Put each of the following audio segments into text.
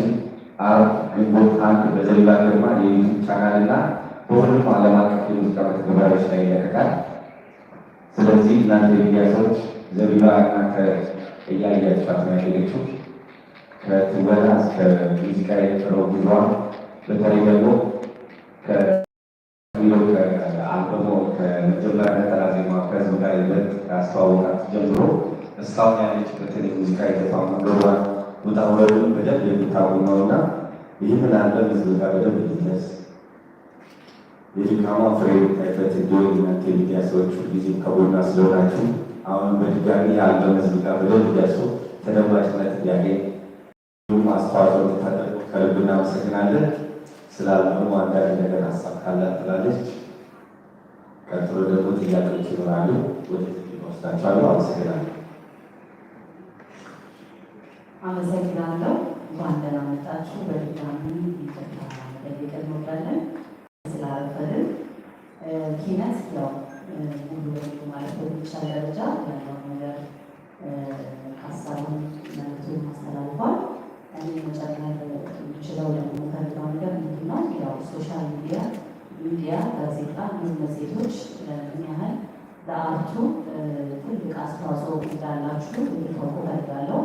ቻናላችን አርብ ግንቦት አንድ በዘሊላ ግርማ የዩቱብ ቻናል እና በሁሉም ዓለም አቀፍ የሙዚቃ መተግበሪያዎች ላይ ይለቀቃል። ስለዚህ እናንተ የሚዲያ ሰዎች ዘቢባ እና ከእያያ ነው ያገኘችው ከትወና እስከ ሙዚቃ የነበረው ጉዟ በተለይ ደግሞ ከአልበሞ ከመጀመሪያ ነጠላ ዜማ ከህዝብ ጋር ይበልጥ ያስተዋወቃት ጀምሮ እስካሁን ያለችበትን የሙዚቃ የተቋም ዶሯል ውጣውረድን በደንብ የምታውቀውና ይህንን አለ ህዝብ ጋር በደንብ ይነስ የድካማ ፍሬ ታይበት እንዲሆን እናንተ ሚዲያ ሰዎች ጊዜ ከጎና ስለሆናችሁ አሁን በድጋሚ የአንተን ህዝብ ጋር በደንብ ደርሶ ተደማጭነት እንዲያገኝ ሁሉም አስተዋጽኦ እንድታደርጉ ከልብ እናመሰግናለን። አንዳንድ ነገር ሀሳብ ካላት ትላለች። ቀጥሎ ደግሞ ጥያቄዎች ይኖራሉ። አመሰግናለሁ። አመሰግናለሁ። እንኳን ደህና መጣችሁ። በድጋሚ ይቅርታ መጠየቅ እንወዳለን ኪነት ያው ሙሉ በሙሉ ማለት በሚቻል ደረጃ ያለው ነገር ሀሳቡን መልዕክቱን አስተላልፏል። እኔ መጨመር የምችለው ደግሞ ከሌላው ነገር ምንድን ነው ያው ሶሻል ሚዲያ ሚዲያ ጋዜጣ ምን መጽሔቶች ምን ያህል ለአርቱ ትልቅ አስተዋጽኦ እንዳላችሁ እንድታውቁ እፈልጋለሁ።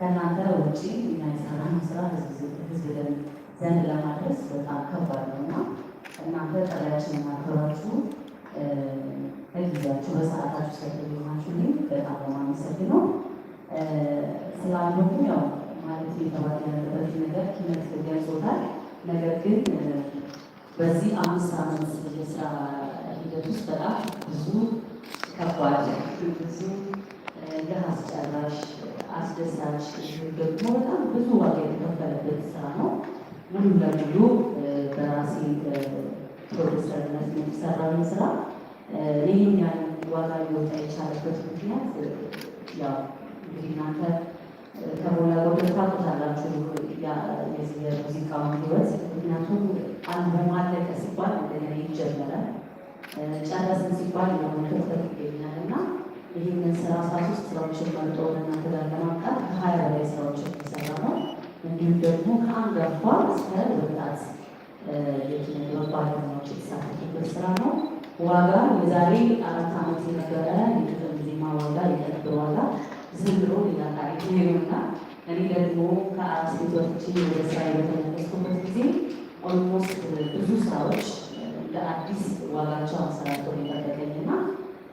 ከእናንተ ውጭ ውጪ የማይሰራን ስራ ህዝብ ዘንድ ለማድረስ በጣም ከባድ ነው እና እናንተ ጥሪያችንን አክብራችሁ ከጊዜያችሁ በሰዓታችሁ ስለተገኛችሁ ግን በጣም በማመሰግነው ስላለሁ ያው ማለት የተባለ ያለበት ነገር ኪነት ገልጾታል። ነገር ግን በዚህ አምስት ዓመት የስራ ሂደት ውስጥ በጣም ብዙ ከባድ ብዙ ለአስጨራሽ አስደሳች እንዲሁም ደግሞ በጣም ብዙ ዋጋ የተከፈለበት ስራ ነው። ሙሉ ለሙሉ በራሴ ፕሮዲሰርነት የተሰራውን ስራ ይህን ያህል ዋጋ ሊወጣ የቻለበት ምክንያት ያው እንግዲህ እናንተ ከሞላ ጎደል ታውቁታላችሁ የሙዚቃውን ህይወት። ምክንያቱም አልበም አለቀ ሲባል እንደገና ይጀመራል፣ ጨረስን ሲባል የሆነ ክፍተት ይገኛል እና ይህንን ስራ አስራ ሶስት ስራዎችን መርጦ ለእናንተ ጋር ለማምጣት ከሀያ በላይ ስራዎችን የሚሰራ ነው። እንዲሁም ደግሞ ከአንጋፋ እስከ ወጣት የኪነ ባለሙያዎች የተሳተፉበት ስራ ነው። ዋጋ የዛሬ አራት ዓመት የነበረ የጥቅም ዜማ ዋጋ የቀልብ ዋጋ ዝም ብሎ ሌላ እኔ ደግሞ ከአራት ቤት ወጥቼ ወደ ስራ በተመለስኩበት ጊዜ ኦልሞስት ብዙ ስራዎች ለአዲስ አዲስ ዋጋቸው አሰራቶ ይጠበቀኝና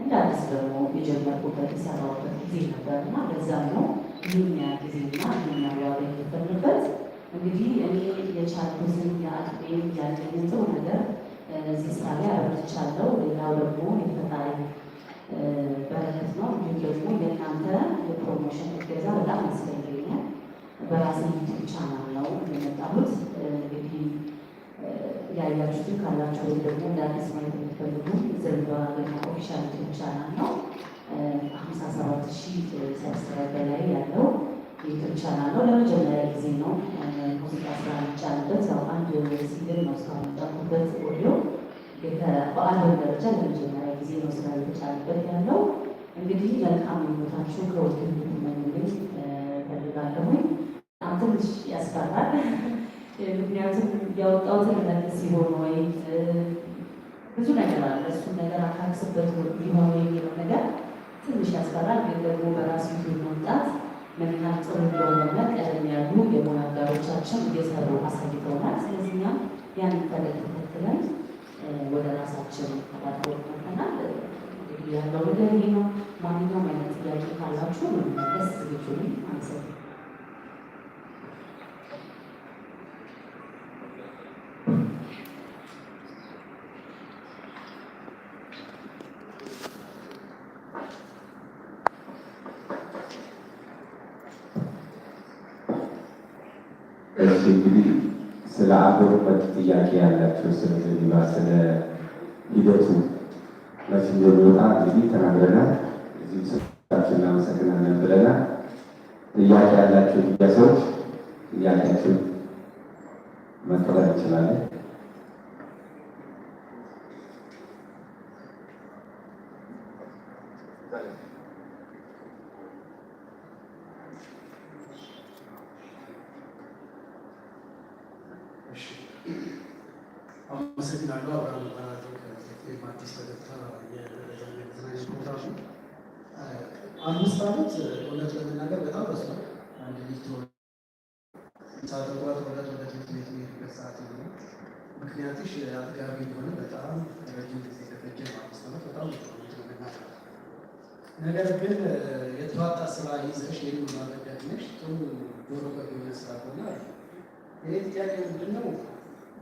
እንደ አዲስ ደግሞ የጀመርኩበት የሰራሁበት ጊዜ ነበር እና በዛም ነው ይህን ጊዜና ይህን ያው የተፈልበት እንግዲህ እኔ የቻልኩትን የአቅሜን ያለኝን ጥሩ ነገር እዚህ ስራ ላይ አበርቻለሁ። ሌላው ደግሞ የፈጣሪ በረከት ነው። እንዲሁም ደግሞ የእናንተ የፕሮሞሽን እገዛ በጣም ያስፈልገኛል። በራሴ ዩቱብ ቻናል ነው የመጣሁት። እንግዲህ ያያችሁትን ካላችሁ ወይም ደግሞ እንደ አዲስ የምትፈልጉ ዘንባ ገና የተማርኩበት ኦዲዮ በዓለም ደረጃ ለመጀመሪያ ጊዜ ነው ስራ የተጫንበት ያለው። እንግዲህ መልካም ህይወታችሁ ከወድ እንድትመኙልኝ ፈልጋለሁኝ። በጣም ትንሽ ያስፈራል። ምክንያቱም ያወጣሁትን መልስ ሲሆን ወይ ብዙ ነገር አለ። እሱን ነገር አካክስበት ሊሆን የሚለው ነገር ትንሽ ያስፈራል። ግን ደግሞ በራሱ መምጣት መቤታችን እንደሆነና ቀደም ያሉ የሞናጋሮቻችን እየሰሩ አሳይተውናል። ስለዚህ እኛም ያንን ተለቅ ተከትለን ወደ ራሳችን ተባድሮ መተናል። እንግዲህ ያለው ነገር ይህ ነው። ማንኛውም አይነት ጥያቄ ካላችሁ መመለስ ዝግጁ ነኝ። እንግዲህ ስለ አገር ጥያቄ ያላቸው ስለ ዘኒባ ስለ ሂደቱ መቼ እንደሚወጣ እንግዲህ ተናግረናል። እዚህ ስታችሁ እናመሰግናለን ብለናል። ጥያቄ ያላቸው ሰዎች ጥያቄያቸውን መቀበል እንችላለን። አመሰግናለሁ። አብርሃም ይባላል። ማዲስ ፈገግታ የመዝናኛ ፕሮግራሙ አምስት ዓመት እውነት ለመናገር በጣም ረስቷል። አንድ ልጅ ሳተጓት ወደ ትምህርት ቤት የሚሄድበት ሰዓት ነው። ምክንያትሽ አጥጋቢ እንደሆነ በጣም ረጅም ጊዜ ከፈጀ አምስት ዓመት በጣም ነገር ግን የተዋጣ ስራ ይዘሽ የምን ማረዳት ነሽ ጥሩ ዶሮ በሆነ ስራ ሆነ ይህ ጥያቄ ምንድን ነው?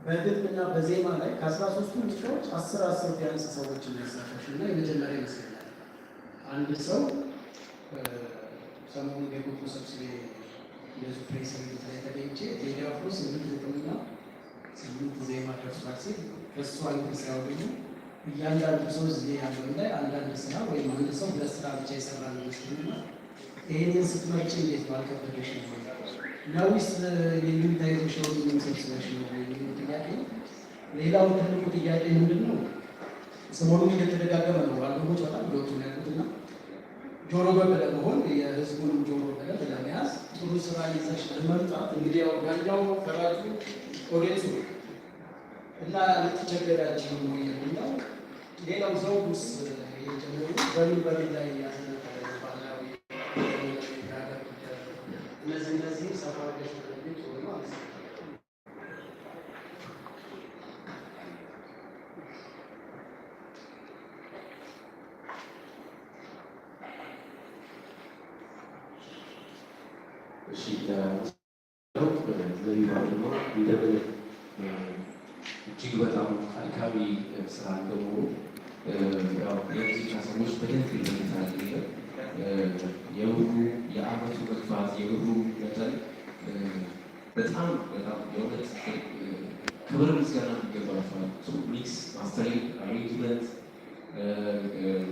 በግጥምና በዜማ ላይ ከ13ቱ ሙዚቃዎች አስር አስር ቢያንስ ሰዎች የሚያሳተፉ እና የመጀመሪያ ይመስለኛል። አንድ ሰው ሰሞኑ የጎቶ ሰብስቤ እንደዚ ፕሬስ ሪት ላይ ተገኝቼ ቴዲ አፍሮ ስምንት ግጥምና ስምንት ዜማ ደርሷል ሲል በሱ አንድ ሲያወገኙ እያንዳንዱ ሰው እዚህ ያለው ላይ አንዳንድ ስራ ወይም አንድ ሰው ለስራ ብቻ የሰራ ነው ይመስለኛል ይህንን ስትመርጭ እንዴት ባልከበደሽ ነው? ነውስ የሚታየሽ ነው የሚሰብስበሽ ነው የሚል ጥያቄ። ሌላው ትልቁ ጥያቄ ምንድን ነው? ሰሞኑን እየተደጋገመ ነው አገሮች በጣም ሎቱ ያሉት እና ጆሮ በል ለመሆን የህዝቡን ጆሮ በል ለመያዝ ጥሩ ስራ ይዘሽ ለመምጣት እንግዲህ ያው ያኛው ከራሱ ኦዴቱ እና ልትቸገዳጅ ነው የሚለው ሌላው ዘውዱስ የጀመሩ በምን ላይ ያዘ እነዚህ እነዚህ ሰፋ አድርገሽ ተረድተሽ ጥሩ ነው። እሺ እጅግ በጣም አድካሚ ስራ እንደሆኑ ሰዎች በደንብ ይለታል። የብሩ የአመቱ መግፋት የብሩ መጠን በጣም በጣም የእውነት ክብር ምስጋና ይገባቸዋል። ሚክስ ማስተሪንግ አሬንጅመንት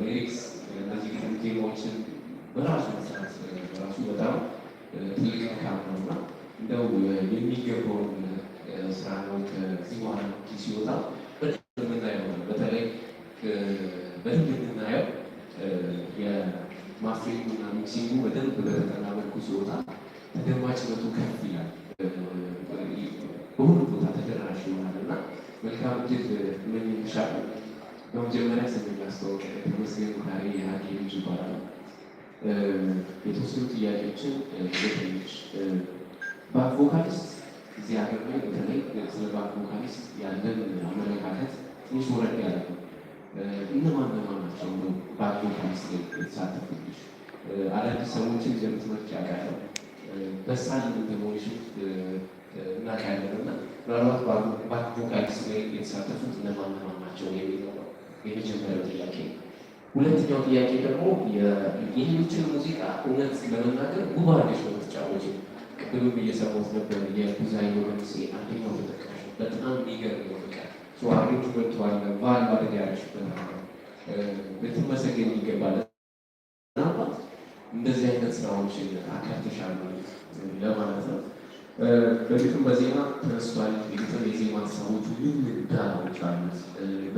ሊሪክስ እነዚህ ቴማዎችን በራሱ መስራት በራሱ በጣም ትልቅ ካር ነው እና እንደው የሚገባውን ስራ ነው። ከዚህ በኋላ ሲወጣ በደንብ የምናየው በተለይ በደንብ የምናየው ማስተሪንግ እና ሚክሲንጉ በደንብ በተጠና መልኩ ሲወጣ ተደማጭነቱ ከፍ ይላል፣ በሁሉ ቦታ ተደራሽ ይሆናል እና መልካም እድል እመኝልሻል። በመጀመሪያ ስሜን ላስተዋወቅ፣ ተመስገን ዳሬ የሀጌ ልጅ ይባላል። የተወሰኑ ጥያቄዎችን ትንሽ ባክ ቮካሊስት እዚህ ሀገር ላይ በተለይ ስለ ባክ ያለን አመለካከት ትንሽ ወረድ ያለ ነው እነማን እነማን ናቸው በአድቮካሲ ላይ የተሳተፉልሽ? አዳዲስ ሰዎችን የምትመርጭ ያውቃለሁ በሳል እንደሆንሽ እናውቃለን እና ምናልባት በአድቮካሲ ላይ የተሳተፉት እነማን እነማን ናቸው የሚለው የመጀመሪያው ጥያቄ። ሁለተኛው ጥያቄ ደግሞ የሌሎችን ሙዚቃ እውነት ለመናገር ጉባንሽ ነው ምትጫወች። ቅድምም እየሰማሁት ነበር የጉዛዬ መንሴ አንደኛው ተጠቃሽ ተዋሪ ትምህርቱ አለ፣ ባህል ማድረግ ያለችበት አለ፣ ልትመሰገን ይገባል። ምናልባት እንደዚህ አይነት ስራዎችን አካተሻሉ ለማለት ነው። በፊትም በዜማ ተነስቷል። የግጥም የዜማ ሰዎች ምን ዳራዎች አሉት።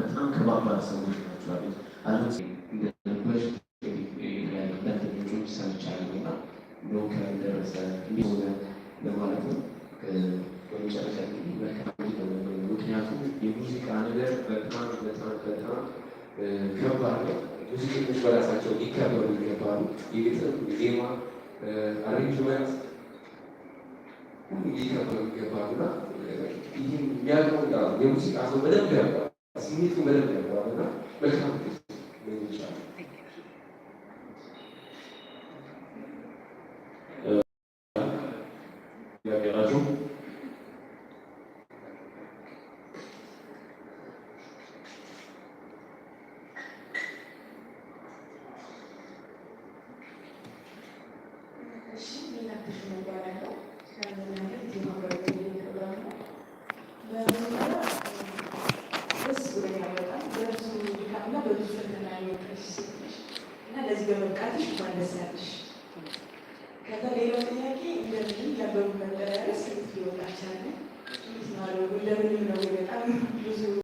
በጣም ከባባድ ሰዎች ናቸው አሉት አሉት ከባድ ነው። ሙዚቀኞች በራሳቸው ሊከበሩ ይገባሉ። የግጥም ዜማ አሬንጅመንት ሁሉ ሊከበሩ ይገባሉ እና ይህም የሚያውቀው የሙዚቃ ሰው በደንብ ያውቀዋል፣ ስሜቱ በደንብ ያውቀዋል እና መልካም ይቻላል